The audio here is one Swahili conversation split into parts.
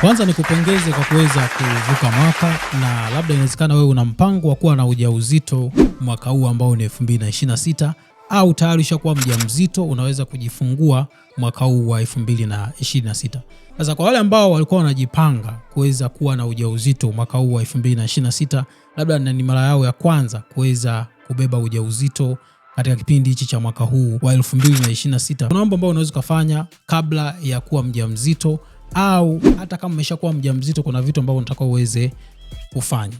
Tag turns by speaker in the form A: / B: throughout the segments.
A: Kwanza ni kupongeze kwa kuweza kuvuka mwaka, na labda inawezekana wewe una mpango wa kuwa na ujauzito mwaka huu ambao ni 2026 au tayari ushakuwa mjamzito, unaweza kujifungua mwaka huu wa 2026. Sasa kwa wale ambao walikuwa wanajipanga kuweza kuwa na ujauzito mwaka huu wa 2026, labda ni mara yao ya kwanza kuweza kubeba ujauzito katika kipindi hichi cha mwaka huu wa 2026, kuna mambo ambayo unaweza ukafanya kabla ya kuwa mjamzito au hata kama umeshakuwa mjamzito, kuna vitu ambavyo unataka uweze kufanya.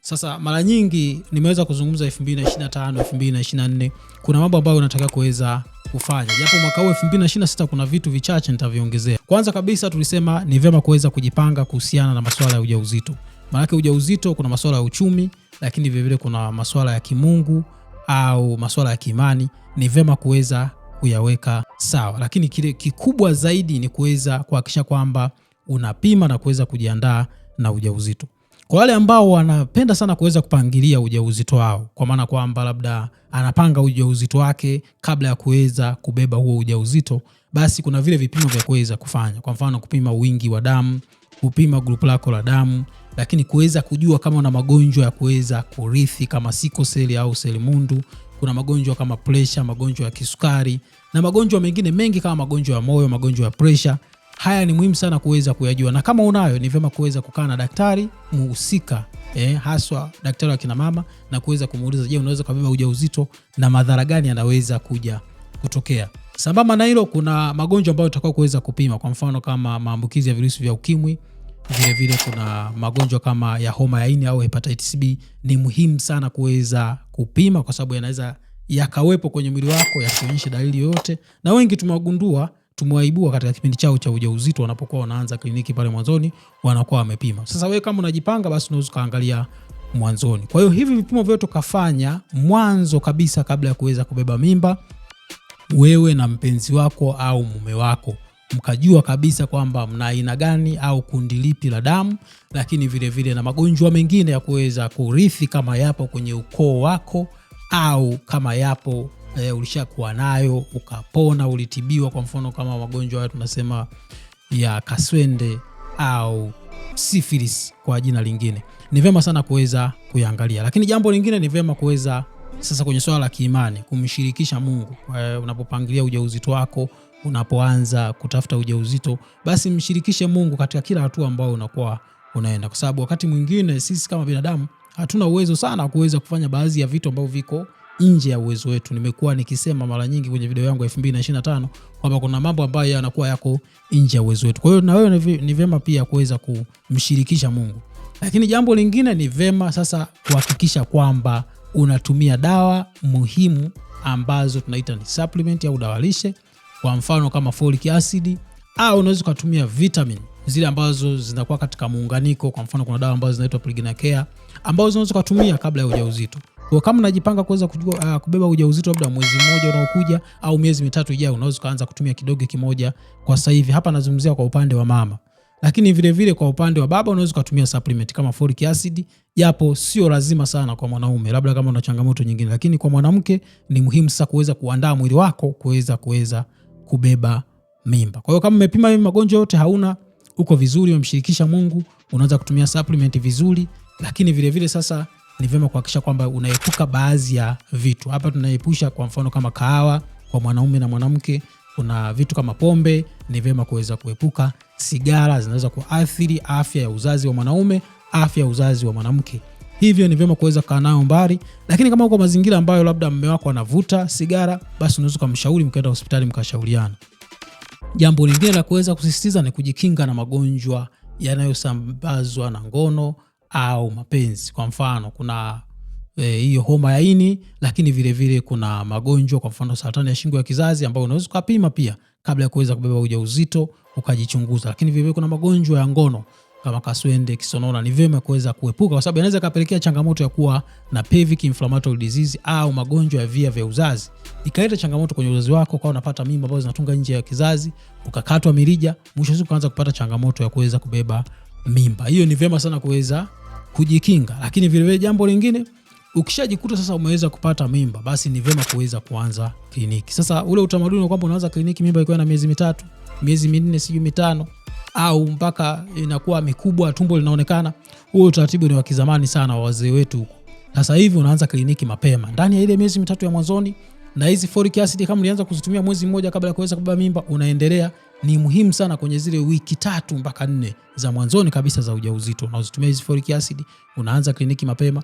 A: Sasa mara nyingi nimeweza kuzungumza 2025, 2024 kuna mambo ambayo unataka kuweza kufanya, japo mwaka huu 2026 kuna vitu vichache nitaviongezea. Kwanza kabisa tulisema ni vyema kuweza kujipanga kuhusiana na masuala ya ujauzito, maanake ujauzito kuna masuala ya uchumi, lakini vilevile kuna masuala ya kimungu au masuala ya kiimani. Ni vyema kuweza kuyaweka sawa, lakini kile kikubwa zaidi ni kuweza kuhakikisha kwamba unapima na kuweza kujiandaa na ujauzito. Kwa wale ambao wanapenda sana kuweza kupangilia ujauzito wao, kwa maana kwamba labda anapanga ujauzito wake kabla ya kuweza kubeba huo ujauzito, basi kuna vile vipimo vya kuweza kufanya, kwa mfano kupima wingi wa damu, kupima grupu lako la damu, lakini kuweza kujua kama una magonjwa ya kuweza kurithi kama siko seli au selimundu mundu, kuna magonjwa kama presha, magonjwa ya kisukari na magonjwa mengine mengi kama magonjwa ya moyo, magonjwa ya presha. Haya ni muhimu sana kuweza kuyajua, na kama unayo ni vyema kuweza kukaa na daktari muhusika eh, haswa daktari wa kina mama na kuweza kumuuliza, je, unaweza kubeba ujauzito na madhara gani yanaweza kuja kutokea. Sambamba na hilo, kuna magonjwa ambayo utakao kuweza kupima, kwa mfano kama maambukizi ya virusi vya ukimwi vilevile kuna magonjwa kama ya homa ya ini au hepatitis B, ni muhimu sana kuweza kupima kwa sababu yanaweza yakawepo kwenye mwili wako yasionyeshe dalili yoyote, na wengi tumewagundua tumewaibua katika kipindi chao cha ujauzito, wanapokuwa wanaanza kliniki pale mwanzoni wanakuwa wamepima. Sasa wewe kama unajipanga, basi unaweza ukaangalia mwanzoni. Kwa hiyo hivi vipimo vyote ukafanya mwanzo kabisa kabla ya kuweza kubeba mimba, wewe na mpenzi wako au mume wako mkajua kabisa kwamba mna aina gani au kundi lipi la damu, lakini vile vile na magonjwa mengine ya kuweza kurithi kama yapo kwenye ukoo wako au kama yapo e, ulishakuwa nayo ukapona, ulitibiwa, kwa mfano kama magonjwa haya tunasema ya kaswende au syphilis kwa jina lingine, ni vyema sana kuweza kuyaangalia. Lakini jambo lingine ni vyema kuweza sasa kwenye swala la kiimani kumshirikisha Mungu e, unapopangilia ujauzito wako unapoanza kutafuta ujauzito, basi mshirikishe Mungu katika kila hatua ambayo unakuwa unaenda, kwa sababu wakati mwingine sisi kama binadamu hatuna uwezo sana kuweza kufanya baadhi ya vitu ambavyo viko nje ya uwezo wetu. Nimekuwa nikisema mara nyingi kwenye video yangu ya 2025 kwamba kuna mambo ambayo yanakuwa yako nje ya uwezo wetu. Kwa hiyo na wewe ni vema pia kuweza kumshirikisha Mungu, lakini jambo lingine ni vema sasa kuhakikisha kwamba unatumia dawa muhimu ambazo tunaita ni supplement au dawa lishe kwa mfano kama folic acid, au unaweza ukatumia vitamin zile ambazo zinakuwa katika muunganiko. Kwa mfano kuna dawa ambazo zinaitwa Pregnacare ambazo unaweza kutumia kabla ya ujauzito. Kwa kama unajipanga kuweza kujua, uh, kubeba ujauzito labda mwezi mmoja unaokuja au miezi mitatu ijayo, unaweza kuanza kutumia kidogo kimoja kwa sasa hivi. Hapa nazungumzia kwa upande wa mama, lakini vile vile kwa upande wa baba unaweza kutumia supplement kama folic acid, japo sio lazima sana kwa mwanaume, labda kama una changamoto nyingine, lakini kwa mwanamke ni muhimu sasa kuweza kuandaa mwili wako kuweza kuweza kubeba mimba. Kwa hiyo kama umepima magonjwa yote hauna, uko vizuri, umemshirikisha Mungu, unaweza kutumia supplement vizuri, lakini vile vile sasa ni vyema kuhakikisha kwamba unaepuka baadhi ya vitu. Hapa tunaepusha kwa mfano kama kahawa kwa mwanaume na mwanamke, kuna vitu kama pombe, ni vyema kuweza kuepuka. Sigara zinaweza kuathiri afya ya uzazi wa mwanaume, afya ya uzazi wa mwanamke hivyo ni vyema kuweza kukaa nayo mbali. Lakini kama uko mazingira ambayo labda mume wako anavuta sigara, basi unaweza kumshauri mkaenda hospitali mkashauriana. Jambo lingine la kuweza kusisitiza ni kujikinga na magonjwa yanayosambazwa na ngono au mapenzi. Kwa mfano kuna e, hiyo e, homa ya ini, lakini vilevile vile kuna magonjwa, kwa mfano saratani ya shingo ya kizazi ambayo unaweza ukapima pia kabla ya kuweza kubeba ujauzito ukajichunguza, lakini vilevile kuna magonjwa ya ngono kama kaswende, kisonona, ni vyema kuweza kuepuka, kwa sababu inaweza kapelekea changamoto ya kuwa na pelvic inflammatory disease au magonjwa ya via vya uzazi, ikaleta changamoto kwenye uzazi wako, kwa unapata mimba ambazo zinatunga nje ya kizazi, ukakatwa mirija, mwisho siku kaanza kupata changamoto ya kuweza kubeba mimba. Hiyo ni vyema sana kuweza kujikinga, lakini vile vile jambo lingine ukishajikuta sasa umeweza kupata mimba basi ni vyema kuweza kuanza kliniki. Sasa ule utamaduni wa kwamba unaanza kliniki mimba ikiwa na miezi mitatu, miezi minne, sijui mitano au mpaka inakuwa mikubwa, tumbo linaonekana. Huo utaratibu ni wa kizamani sana wa wazee wetu huko. Sasa hivi unaanza kliniki mapema ndani ya ile miezi mitatu ya mwanzoni, na hizi folic acid kama ulianza kuzitumia mwezi mmoja kabla ya kuweza kubeba mimba, unaendelea ni muhimu sana kwenye zile wiki tatu mpaka nne za mwanzoni kabisa za ujauzito, na uzitumia hizi folic acid, unaanza kliniki mapema.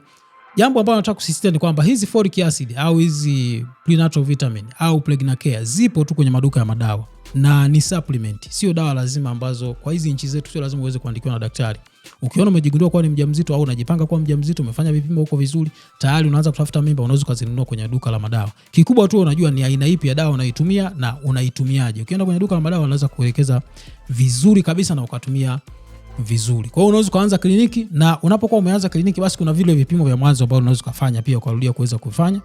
A: Jambo ambalo nataka kusisitiza ni kwamba hizi folic acid au hizi prenatal vitamin au pregnacare zipo tu kwenye maduka ya madawa na ni supplement, sio dawa lazima, ambazo kwa hizi nchi zetu sio lazima uweze kuandikiwa na daktari. Ukiona umejigundua kuwa ni mjamzito au unajipanga kuwa mjamzito, umefanya vipimo huko vizuri, tayari unaanza kutafuta mimba, unaweza kuzinunua kwenye duka la madawa. Kikubwa tu unajua ni aina ipi ya dawa unaitumia na unaitumiaje. Ukienda kwenye duka la madawa, unaweza kuelekeza vizuri kabisa na ukatumia vizuri. Kwa hiyo unaweza kuanza kliniki, na unapokuwa umeanza kliniki, basi kuna vile vipimo vya mwanzo ambao unaweza kufanya, pia ukarudia kuweza kufanya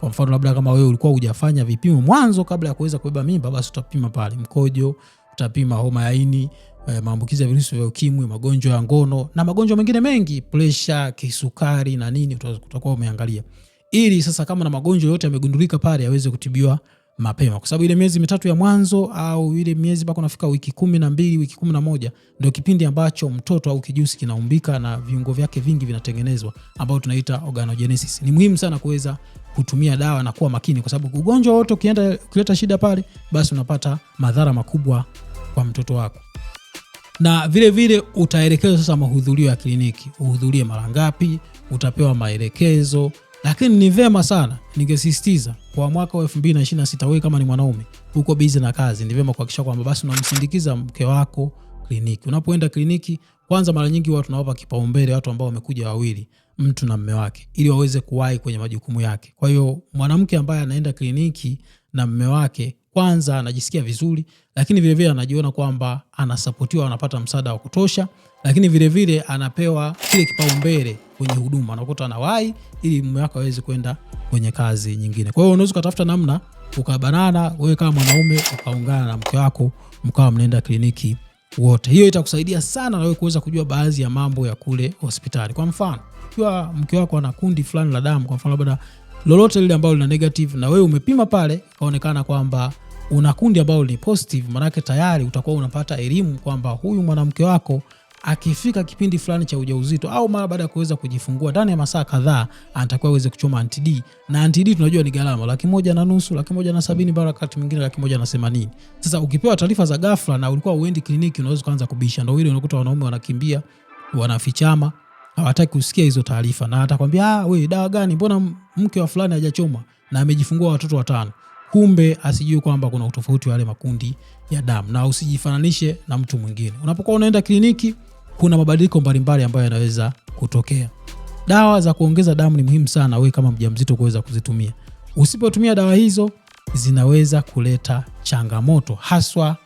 A: kwa mfano labda kama wewe ulikuwa hujafanya vipimo mwanzo kabla ya kuweza kubeba mimba, basi utapima pale mkojo, utapima homa ya ini, eh, maambukizi ya virusi vya ukimwi, magonjwa ya ngono na magonjwa mengine mengi, presha, kisukari na nini, utakuwa umeangalia ili sasa kama na magonjwa yote yamegundulika pale yaweze kutibiwa mapema, kwa sababu ile miezi mitatu ya mwanzo au ile miezi mpaka unafika wiki kumi na mbili wiki kumi na moja ndio kipindi ambacho mtoto au kijusi kinaumbika na viungo vyake vingi vinatengenezwa, ambao tunaita organogenesis. Ni muhimu sana kuweza kutumia dawa na kuwa makini, kwa sababu ugonjwa wote ukienda kuleta shida pale, basi unapata madhara makubwa kwa mtoto wako. Na vile vile utaelekezwa sasa mahudhurio ya kliniki, uhudhurie mara ngapi, utapewa maelekezo. Lakini ni vema sana, ningesisitiza kwa mwaka wa 2026 wewe kama ni mwanaume uko bizi na kazi, ni vema kuhakikisha kwamba basi unamsindikiza mke wako kliniki. Unapoenda kliniki, kwanza mara nyingi huwa tunawapa kipaumbele watu ambao wamekuja wawili mtu na mme wake ili waweze kuwahi kwenye majukumu yake. Kwa hiyo mwanamke ambaye anaenda kliniki na mme wake, kwanza anajisikia vizuri, lakini vilevile vile anajiona kwamba anasapotiwa, anapata msaada wa kutosha, lakini vilevile vile anapewa kile kipaumbele kwenye huduma, anakuta anawahi ili mume wake aweze kwenda kwenye kazi nyingine. Kwa hiyo unaweza ukatafuta namna ukabanana, wewe kama mwanaume ukaungana na mke wako, mkawa mnaenda kliniki wote. Hiyo itakusaidia sana na wewe kuweza kujua baadhi ya mambo ya kule hospitali. Kwa mfano ukiwa mke wako ana kundi fulani la damu, kwa mfano labda lolote lile ambalo lina negative na wewe umepima pale kaonekana kwamba una kundi ambalo ni positive, maanake tayari utakuwa unapata elimu kwamba huyu mwanamke wako akifika kipindi fulani cha ujauzito au mara baada ya kuweza kujifungua ndani ya masaa kadhaa anatakiwa aweze kuchoma antid, na antid tunajua ni gharama laki moja na nusu, laki moja na sabini mpaka wakati mwingine laki moja na themanini. Sasa ukipewa taarifa za ghafla na ulikuwa uendi kliniki, unaweza kuanza kubisha. Ndio hilo unakuta wanaume wanakimbia wanafichama hawataki kusikia hizo taarifa, na atakwambia ah, we dawa gani? Mbona mke wa fulani hajachoma na amejifungua watoto watano? Kumbe asijue kwamba kuna utofauti wa yale makundi ya damu, na usijifananishe na mtu mwingine. Unapokuwa unaenda kliniki, kuna mabadiliko mbalimbali ambayo yanaweza kutokea. Dawa za kuongeza damu ni muhimu sana wewe kama mjamzito kuweza kuzitumia. Usipotumia dawa hizo zinaweza kuleta changamoto haswa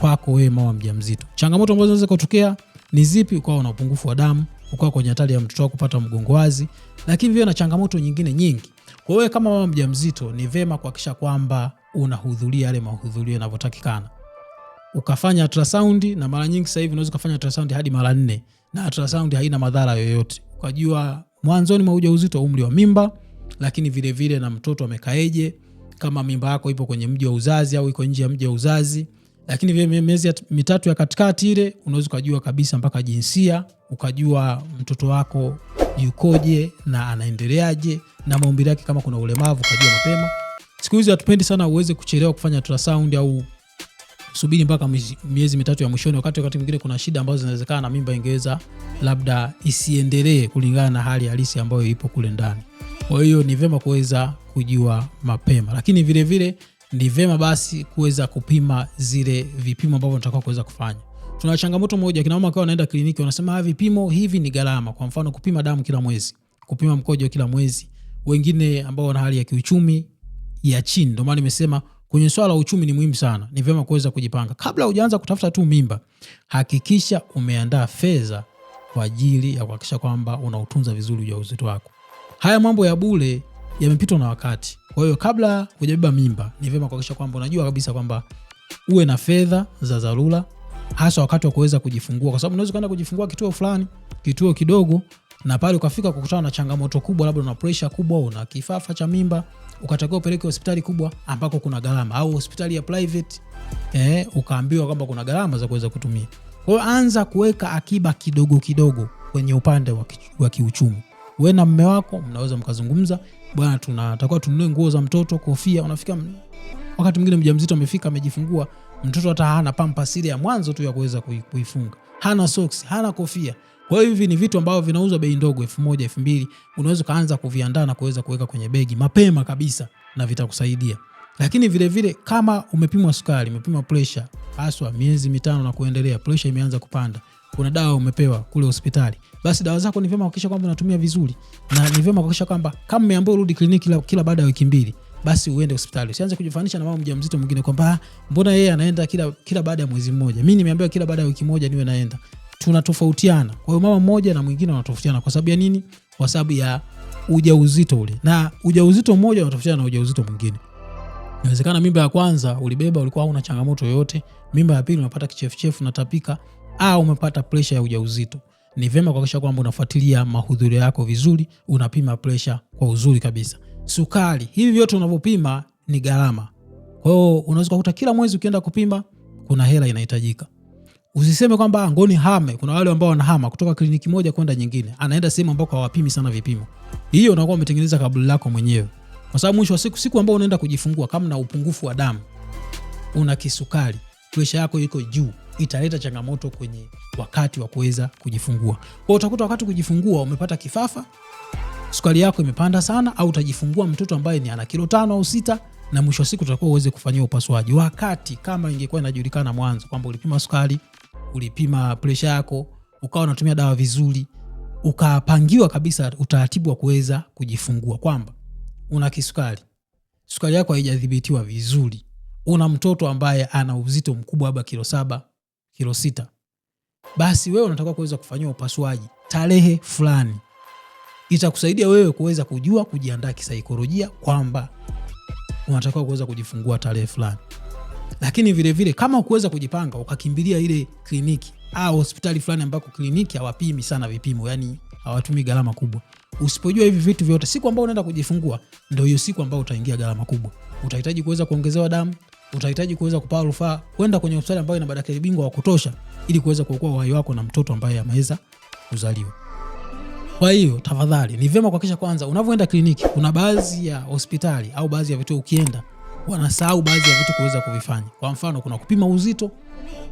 A: kwako wewe mama mjamzito. Changamoto ambazo zinaweza kutokea ni zipi? Ukawa na upungufu wa damu, ukawa kwenye hatari ya mtoto wako kupata mgongo wazi, lakini vile na changamoto nyingine nyingi. Kwa hiyo kama mama mjamzito, ni vema kuhakikisha kwamba unahudhuria yale mahudhurio yanavyotakikana, ukafanya ultrasound, na mara nyingi sasa hivi unaweza kufanya ultrasound hadi mara nne, na ultrasound haina madhara yoyote, ukajua mwanzoni mwa ujauzito, umri wa mimba, lakini vile vile na mtoto amekaeje, kama mimba yako ipo kwenye mji wa uzazi au iko nje ya mji wa uzazi lakini vile miezi mitatu ya katikati ile unaweza ukajua kabisa mpaka jinsia, ukajua mtoto wako yukoje na anaendeleaje na maumbile yake, kama kuna ulemavu ukajua mapema. Siku hizi hatupendi sana uweze kuchelewa kufanya ultrasound au subiri mpaka miezi mitatu ya mwishoni, wakati wakati mwingine kuna shida ambazo zinawezekana na mimba ingeweza labda isiendelee kulingana na hali halisi ambayo ipo kule ndani. Kwa hiyo ni vyema kuweza kujua mapema, lakini vilevile vile, ni vema basi kuweza kupima zile vipimo ambavyo unatakiwa kuweza kufanya. Tuna changamoto moja, kina mama kwa wanaenda kliniki wanasema ah, vipimo hivi ni gharama. Kwa mfano kupima damu kila mwezi, kupima mkojo kila mwezi. Wengine ambao wana hali ya kiuchumi ya chini, ndio maana nimesema kwenye swala la uchumi ni muhimu sana. Ni vyema kuweza kujipanga kabla hujaanza kutafuta tu mimba. Hakikisha umeandaa fedha kwa ajili ya kuhakikisha kwamba unautunza vizuri ujauzito wako. Haya mambo ya bure yamepitwa na wakati. Kwa hiyo kabla hujabeba mimba, ni vyema kuhakikisha kwamba unajua kabisa kwamba uwe na fedha za dharura, hasa wakati wa kuweza kujifungua, kwa sababu unaweza kwenda kujifungua kituo fulani, kituo kidogo, na pale ukafika kukutana na changamoto kubwa, labda una presha kubwa, una kifafa cha mimba, ukatakiwa upeleke hospitali kubwa ambako kuna gharama, au hospitali ya private eh, ukaambiwa kwamba kuna gharama za kuweza kutumia. Kwa hiyo anza kuweka akiba kidogo kidogo kwenye upande wa kiuchumi we na mme wako mnaweza mkazungumza, bwana, tunatakiwa tununue nguo za mtoto, kofia. Unafika wakati mwingine mjamzito amefika, amejifungua, mtoto hata hana pampas ile ya mwanzo tu ya kuweza kuifunga, hana socks, hana kofia. Kwa hiyo hivi ni vitu ambavyo vinauzwa bei ndogo, elfu moja elfu mbili unaweza ukaanza kuviandaa na kuweza kuweka kwenye begi mapema kabisa, na vitakusaidia. Lakini vilevile vile, kama umepimwa sukari, umepimwa presha, haswa miezi mitano na kuendelea, presha imeanza kupanda kuna dawa umepewa kule hospitali, basi dawa zako ni vyema kuhakikisha kwamba unatumia vizuri, na ni vyema kuhakikisha kwamba kama umeambiwa urudi kliniki kila, kila baada ya wiki mbili basi uende hospitali. Usianze kujifanisha na mama mjamzito mwingine kwamba ah, mbona yeye anaenda kila, kila baada ya mwezi mmoja, mimi nimeambiwa kila baada ya wiki moja niwe naenda. Tunatofautiana. Kwa hiyo mama mmoja na mwingine wanatofautiana kwa sababu ya nini? Kwa sababu ya ujauzito ule, na ujauzito mmoja unatofautiana na ujauzito mwingine. Inawezekana mimba ya kwanza ulibeba, ulikuwa hauna changamoto yoyote. Mimba ya pili unapata kichefuchefu na tapika, au umepata presha ya ujauzito, ni vyema kuhakikisha kwamba unafuatilia mahudhurio yako vizuri, unapima presha kwa uzuri kabisa, sukari. Hivi vyote unavyopima ni gharama. Kwa hiyo unaweza kukuta kila mwezi ukienda kupima kuna hela inahitajika. Usiseme kwamba ah, ngoni hame. Kuna wale ambao wanahama kutoka kliniki moja kwenda nyingine, anaenda sehemu ambako hawapimi sana vipimo. Hiyo unakuwa umetengeneza kaburi lako mwenyewe, kwa sababu mwisho wa siku, siku ambao unaenda kujifungua, kama na upungufu wa damu, una kisukari, presha yako iko juu, italeta changamoto kwenye wakati wa kuweza kujifungua. Kwa utakuta wakati kujifungua umepata kifafa, sukari yako imepanda sana, au utajifungua mtoto ambaye ni ana kilo tano au sita na mwisho wa siku utakuwa uweze kufanyiwa upasuaji, wakati kama ingekuwa inajulikana mwanzo kwamba ulipima sukari, ulipima presha yako, ukawa unatumia dawa vizuri, ukapangiwa kabisa utaratibu wa kuweza kujifungua kwamba una kisukari, sukari yako haijadhibitiwa vizuri, una mtoto ambaye ana uzito mkubwa, labda kilo saba kilo sita, basi wewe unatakiwa kuweza kufanyiwa upasuaji tarehe fulani. Itakusaidia wewe kuweza kujua, kujiandaa kisaikolojia kwamba unatakiwa kuweza kujifungua tarehe fulani. Lakini vilevile vile, kama ukuweza kujipanga ukakimbilia ile kliniki au hospitali fulani ambako kliniki hawapimi sana vipimo, yani hawatumii gharama kubwa. Usipojua hivi vitu vyote, siku ambayo unaenda kujifungua ndio hiyo siku ambayo utaingia gharama kubwa. Utahitaji kuweza kuongezewa damu, utahitaji kuweza kupaa rufaa kwenda kwenye hospitali ambayo ina madaktari bingwa wa kutosha ili kuweza kuokoa uhai wako na mtoto ambaye ameweza kuzaliwa. Kwa hiyo tafadhali, ni vyema kuhakikisha kwanza unavyoenda kliniki, kuna baadhi ya hospitali au baadhi ya vituo ukienda wanasahau baadhi ya vitu kuweza kuvifanya. Kwa mfano, kuna kupima uzito,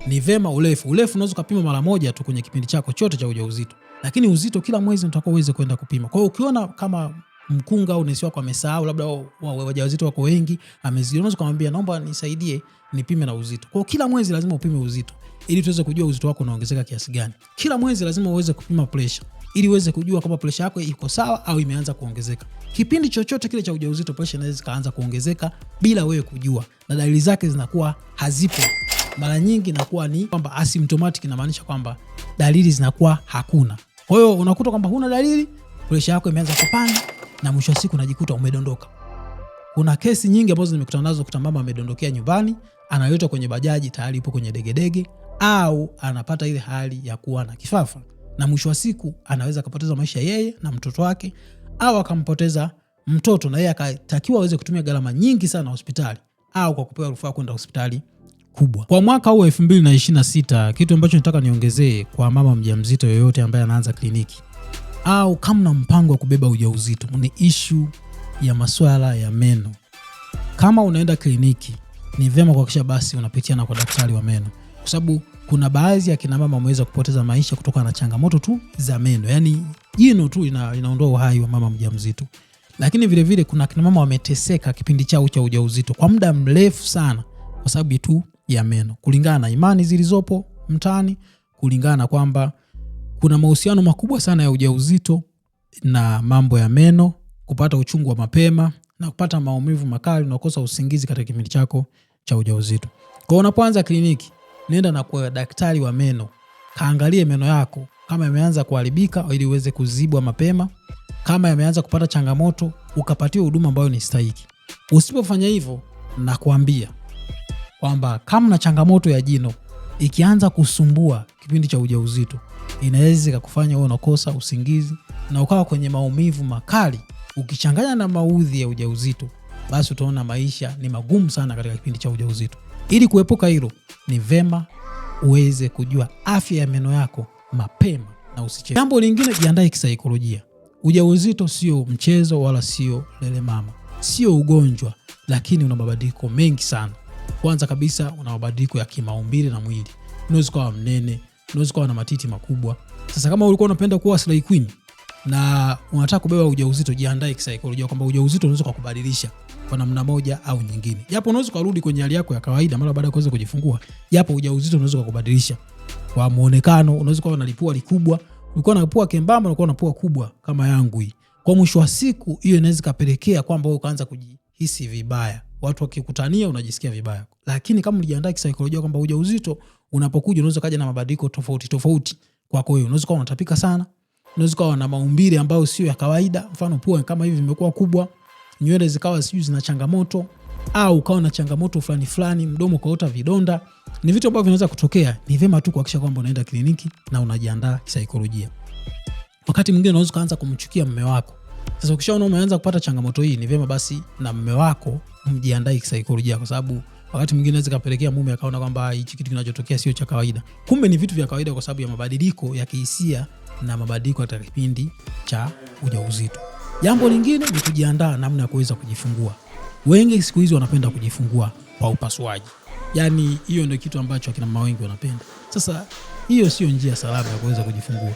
A: ni vyema urefu. Urefu unaweza kupima mara moja tu kwenye kipindi chako chote cha ujauzito, lakini uzito kila mwezi unatakiwa uweze kwenda kupima. Kwa hiyo ukiona kama mkunga au nesi wako amesahau, labda wajawazito wako wengi, amezionaza kumwambia naomba nisaidie nipime na uzito. Kwa kila mwezi lazima upime uzito ili tuweze kujua uzito wako unaongezeka kiasi gani. Kila mwezi lazima uweze kupima pressure ili uweze kujua kama presha yako iko sawa au imeanza kuongezeka. Kipindi chochote kile cha ujauzito, presha inaweza zikaanza kuongezeka bila wewe kujua, na dalili zake zinakuwa hazipo. Mara nyingi inakuwa ni kwamba asymptomatic, inamaanisha kwamba dalili zinakuwa hakuna. Kwa hiyo unakuta kwamba huna dalili, presha yako imeanza kupanda na mwisho wa siku unajikuta umedondoka. Kuna kesi nyingi ambazo nimekutana nazo, kuta mama amedondokea nyumbani, analetwa kwenye bajaji tayari ipo kwenye degedege, au anapata ile hali ya kuwa na kifafa, na mwisho wa siku anaweza akapoteza maisha yeye na mtoto wake, au akampoteza mtoto na yeye akatakiwa aweze kutumia gharama nyingi sana hospitali, au kwa kupewa rufaa kwenda hospitali kubwa. Kwa mwaka huu 2026 kitu ambacho nataka niongezee kwa mama mjamzito yoyote ambaye anaanza kliniki au kama na mpango wa kubeba ujauzito, ni ishu ya masuala ya meno. Kama unaenda kliniki, ni vyema kuhakikisha basi unapitiana kwa daktari wa meno, kwa sababu kuna baadhi ya kina mama wameweza kupoteza maisha kutokana na changamoto tu za meno, yaani jino tu ina, inaondoa uhai wa mama mjamzito. Lakini vile vile kuna kina mama wameteseka kipindi chao cha ujauzito kwa muda mrefu sana, kwa sababu tu ya meno, kulingana na imani zilizopo mtaani, kulingana na kwamba kuna mahusiano makubwa sana ya ujauzito na mambo ya meno, kupata uchungu wa mapema na kupata maumivu makali, unakosa usingizi katika kipindi chako cha ujauzito. Kwa unapoanza kliniki, nenda na kwa daktari wa meno, kaangalie meno yako kama yameanza kuharibika ili uweze kuzibwa mapema, kama yameanza kupata changamoto, ukapatiwa huduma ambayo ni stahiki. Usipofanya hivyo, nakwambia kwamba kama na changamoto ya jino ikianza kusumbua kipindi cha ujauzito inaweza ikakufanya wewe unakosa usingizi na ukawa kwenye maumivu makali. Ukichanganya na maudhi ya ujauzito, basi utaona maisha ni magumu sana katika kipindi cha ujauzito. Ili kuepuka hilo, ni vema uweze kujua afya ya meno yako mapema na usiche. Jambo lingine, jiandae kisaikolojia. Ujauzito sio mchezo wala sio lelemama, sio ugonjwa, lakini una mabadiliko mengi sana. Kwanza kabisa, una mabadiliko ya kimaumbile na mwili. Unaweza ukawa mnene, unaweza kuwa na matiti makubwa. Sasa kama ulikuwa unapenda kuwa Slay Queen na unataka kubeba ujauzito, jiandae kisaikolojia kwamba ujauzito unaweza kukubadilisha kwa namna moja au nyingine, japo unaweza kurudi kwenye hali yako ya kawaida mara baada ya kuweza kujifungua, japo ujauzito unaweza kukubadilisha kwa muonekano. Unaweza kuwa na lipua likubwa, ulikuwa na pua kembamba, ulikuwa na pua kubwa kama yangu hii. Kwa mwisho wa siku, hiyo inaweza kapelekea kwamba ukaanza kujihisi vibaya watu wakikutania unajisikia vibaya. Lakini kama ulijiandaa kisaikolojia kwamba uja uzito unapokuja unaweza kaja na mabadiliko tofauti tofauti kwako wewe. Unaweza kuwa unatapika sana, unaweza kuwa na maumbile ambayo sio ya kawaida, mfano pua kama hivi imekuwa kubwa, nywele zikawa sijui zina changamoto au ukawa na changamoto fulani fulani, mdomo ukaota vidonda. Ni vitu ambavyo vinaweza kutokea. Ni vyema tu kuhakikisha kwamba unaenda kliniki na unajiandaa kisaikolojia. Wakati mwingine unaweza kuanza kumchukia mme wako sasa ukishaona umeanza kupata changamoto hii, ni vyema basi na mme wako mjiandae kisaikolojia, kwa sababu wakati mwingine naweza kapelekea mume akaona kwamba hichi kitu kinachotokea sio cha kawaida, kumbe ni vitu vya kawaida, kwa sababu ya mabadiliko ya kihisia na mabadiliko katika kipindi cha ujauzito. Jambo lingine ni kujiandaa namna ya kuweza kujifungua. Wengi siku hizi wanapenda kujifungua kwa upasuaji, yaani hiyo ndio kitu ambacho akina mama wengi wanapenda. Sasa hiyo sio njia salama ya kuweza kujifungua.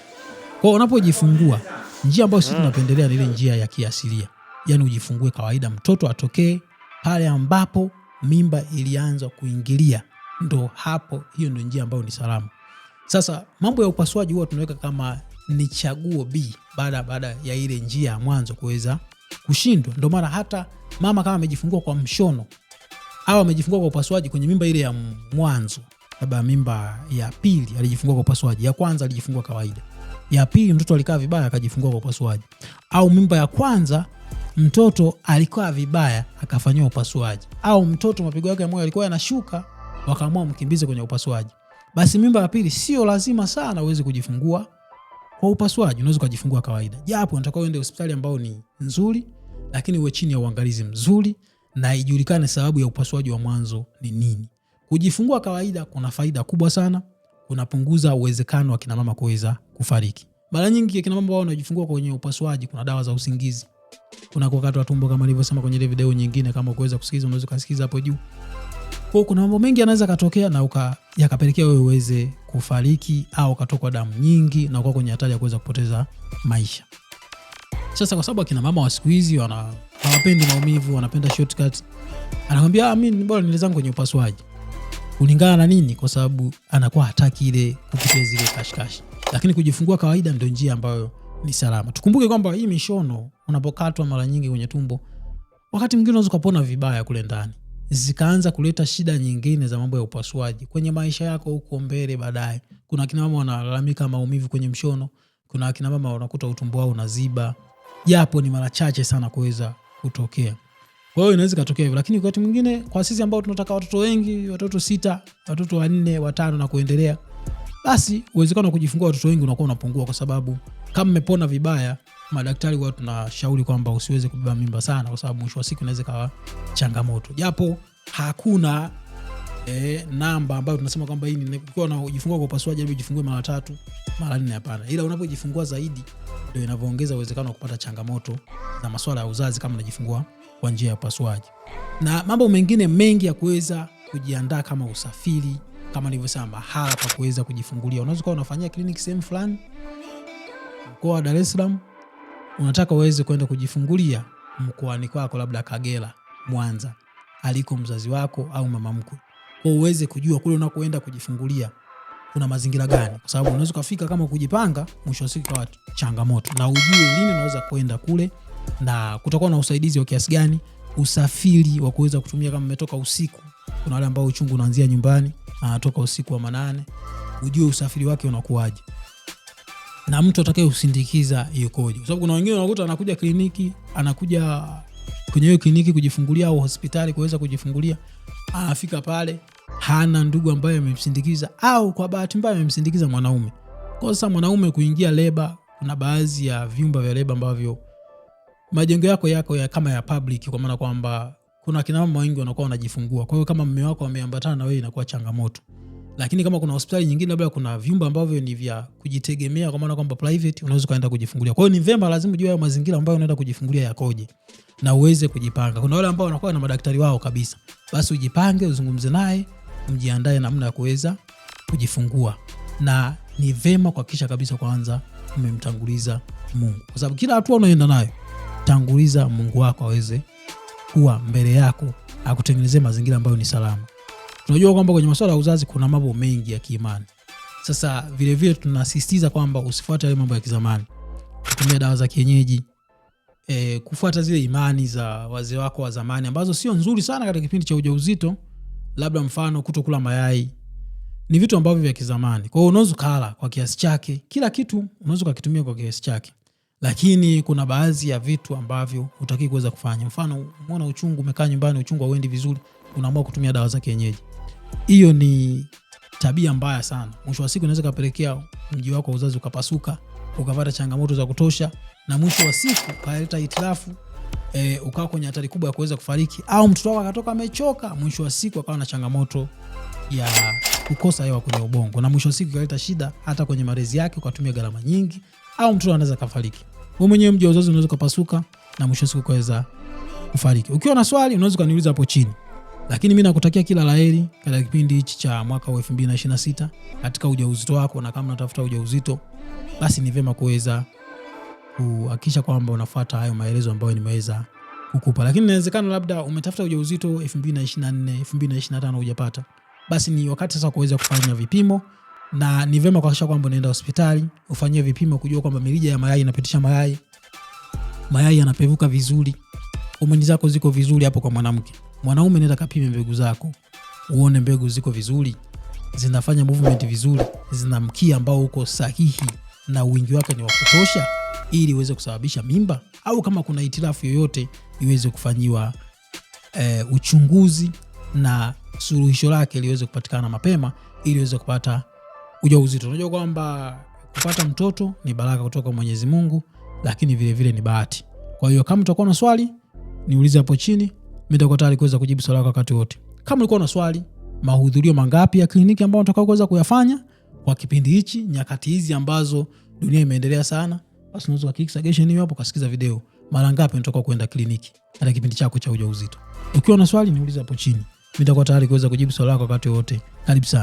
A: Kwa unapojifungua njia ambayo sisi mm. tunapendelea ni ile njia ya kiasilia, yani ujifungue kawaida, mtoto atokee pale ambapo mimba ilianza kuingilia, ndo hapo, hiyo ndio njia ambayo ni salama. Sasa mambo ya upasuaji huwa tunaweka kama ni chaguo B baada baada ya ile njia ya mwanzo kuweza kushindwa. Ndio maana hata mama kama amejifungua kwa mshono au amejifungua kwa upasuaji kwenye mimba ile ya mwanzo, labda mimba ya pili alijifungua kwa upasuaji, ya kwanza alijifungua kawaida ya pili mtoto alikaa vibaya akajifungua kwa upasuaji, au mimba ya kwanza mtoto alikaa vibaya akafanyiwa upasuaji, au mtoto mapigo yake ya moyo yalikuwa yanashuka wakaamua mkimbize kwenye upasuaji, basi mimba ya pili sio lazima sana uweze kujifungua kwa upasuaji. Unaweza kujifungua kawaida, japo unatakiwa uende hospitali ambayo ni nzuri, lakini uwe chini ya uangalizi mzuri na ijulikane sababu ya upasuaji wa mwanzo ni nini. Kujifungua kawaida kuna faida kubwa sana unapunguza uwezekano wa kina mama kuweza kufariki. Mara nyingi kina mama wao wanajifungua kwenye upasuaji, kuna dawa za usingizi, kuna kukatwa tumbo kama nilivyosema kwenye ile video nyingine. Kama ukuweza kusikiza, unaweza ukasikiza hapo juu. Kwa kuna mambo mengi yanaweza katokea na uka, yakapelekea wewe uweze kufariki au ukatokwa damu nyingi na ukawa kwenye hatari ya kuweza kupoteza maisha. Sasa kwa sababu akina mama wa siku hizi wana hawapendi maumivu, wanapenda shortcut, anakwambia ah, mimi bora nilizangu kwenye upasuaji kulingana na nini? Kwa sababu anakuwa hataki ile kupitia zile kashikashi, lakini kujifungua kawaida ndio njia ambayo ni salama. Tukumbuke kwamba hii mishono unapokatwa mara nyingi kwenye tumbo, wakati mwingine unaweza kupona vibaya kule ndani, zikaanza kuleta shida nyingine za mambo ya upasuaji kwenye maisha yako huko mbele baadaye. Kuna kina mama wanalalamika maumivu kwenye mshono, kuna kina mama wanakuta utumbo wao unaziba, japo ni mara chache sana kuweza kutokea kwahiyo inaweza ikatokea hivyo, lakini wakati mwingine kwa sisi ambao tunataka watoto wengi, watoto sita, watoto wanne, watano na kuendelea, basi uwezekano wa kujifungua watoto wengi unakuwa unapungua, kwa sababu kama mmepona vibaya, madaktari huwa tunashauri kwamba usiweze kubeba mimba sana, kwa sababu mwisho wa siku inaweza ikawa changamoto, japo hakuna E, namba ambayo tunasema kwamba hii nikiwa najifungua kwa upasuaji labda ujifungue mara tatu mara nne, hapana, ila unapojifungua zaidi ndio inavyoongeza uwezekano wa kupata changamoto za maswala ya uzazi kama unajifungua kwa njia ya upasuaji na mambo mengine mengi ya kuweza kujiandaa kama usafiri, kama nilivyosema, mahala pa kuweza kujifungulia. Unaweza kuwa unafanyia kliniki sehemu fulani mkoa wa Dar es Salaam, unataka uweze kwenda kujifungulia mkoani kwako, labda Kagera, Mwanza, aliko mzazi wako au mama mkwe, kwa uweze kujua kule unakoenda kujifungulia kuna mazingira gani, kwa sababu unaweza kufika kama kujipanga, mwisho wa siku kwa changamoto, na ujue lini unaweza kwenda kule na kutakuwa na usaidizi wa kiasi gani? Usafiri wa kuweza kutumia, kama umetoka usiku, kuna wale ambao uchungu unaanzia nyumbani, anatoka usiku wa manane, ujue usafiri wake unakuwaje na mtu atakaye usindikiza yukoje, kwa sababu kuna wengine unakuta anakuja kliniki, anakuja kwenye hiyo kliniki kujifungulia au hospitali kuweza kujifungulia, anafika pale hana ndugu ambaye amemsindikiza, au kwa bahati mbaya amemsindikiza mwanaume. Kwa sasa mwanaume kuingia leba, kuna baadhi ya vyumba vya leba ambavyo majengo yako yako ya kama ya public, kwa maana kwamba kuna kina mama wengi wanakuwa wanajifungua. Kwa hiyo kama mume wako ameambatana na wewe inakuwa changamoto, lakini kama kuna hospitali nyingine, labda kuna vyumba ambavyo ni vya kujitegemea, kwa maana kwamba private, unaweza kaenda kujifungulia. Kwa hiyo ni vema lazima ujue hayo mazingira ambayo unaenda kujifungulia yakoje na uweze kujipanga. Kuna wale ambao wanakuwa na madaktari wao kabisa, basi ujipange, uzungumze naye, mjiandae namna ya kuweza kujifungua, na ni vema kuhakikisha kabisa kwanza umemtanguliza Mungu, kwa sababu kila hatua unaenda nayo tanguliza Mungu wako aweze kuwa mbele yako, akutengenezee mazingira ambayo ni salama. Tunajua kwamba kwenye masuala ya uzazi kuna mambo mengi ya kiimani. Sasa vile vile tunasisitiza kwamba usifuate yale mambo ya kizamani, kutumia dawa za kienyeji e, kufuata zile imani za wazee wako wa zamani ambazo sio nzuri sana katika kipindi cha ujauzito, labda mfano kutokula mayai ni vitu ambavyo vya kizamani. Kwa hiyo unaweza ukala kwa kiasi chake, kila kitu unaweza ukakitumia kwa kiasi chake lakini kuna baadhi ya vitu ambavyo hutaki kuweza kufanya. Mfano, umeona uchungu umekaa nyumbani, uchungu hauendi vizuri, unaamua kutumia dawa za kienyeji. Hiyo ni tabia mbaya sana. Mwisho wa siku inaweza kapelekea mji wako uzazi ukapasuka, ukapata changamoto za kutosha, na mwisho wa siku kaleta itilafu e, eh, ukawa kwenye hatari kubwa ya kuweza kufariki, au mtoto wako akatoka amechoka, mwisho wa siku akawa na changamoto ya kukosa hewa kwenye ubongo, na mwisho wa siku ikaleta shida hata kwenye malezi yake, ukatumia gharama nyingi, au mtoto anaweza kafariki wewe mwenyewe mji wa uzazi unaweza kupasuka na mwisho siku kuweza kufariki. Ukiwa na swali unaweza kuniuliza hapo chini. Lakini mimi nakutakia kila laheri katika kipindi hichi cha mwaka wa 2026 katika ujauzito wako, na kama unatafuta ujauzito, basi ni vyema kuweza kuhakikisha kwamba unafuata hayo maelezo ambayo nimeweza kukupa. Lakini inawezekana labda umetafuta ujauzito 2024, 2025 hujapata, basi ni wakati sasa kuweza kufanya vipimo na ni vyema kuhakikisha kwamba unaenda hospitali ufanyie vipimo kujua kwamba mirija ya mayai inapitisha mayai, mayai yanapevuka vizuri, homoni zako ziko vizuri hapo kwa mwanamke. Mwanaume nenda kapime mbegu zako uone mbegu ziko vizuri, zinafanya movement vizuri, zina mkia ambao uko sahihi na wingi wake ni wa kutosha, ili uweze kusababisha mimba au kama kuna itirafu yoyote iweze kufanyiwa e, uchunguzi na suluhisho lake liweze kupatikana mapema ili uweze kupata ujauzito. Unajua kwamba kupata mtoto ni baraka kutoka Mwenyezi Mungu, lakini vile vile ni bahati. Kwa hiyo kama utakuwa na swali niulize hapo chini, mimi nitakuwa tayari kuweza kujibu swali lako wakati wote. Kama ulikuwa na swali, mahudhurio mangapi ya kliniki ambayo unataka kuweza kuyafanya kwa kipindi hichi, nyakati hizi ambazo dunia imeendelea sana, basi unaweza kuhakiki suggestion hiyo hapo kasikiza video mara ngapi unataka kwenda kliniki hata kipindi chako cha ujauzito. Ukiwa na swali niulize hapo chini, mimi nitakuwa tayari kuweza kujibu swali lako wakati wote. Karibu sana.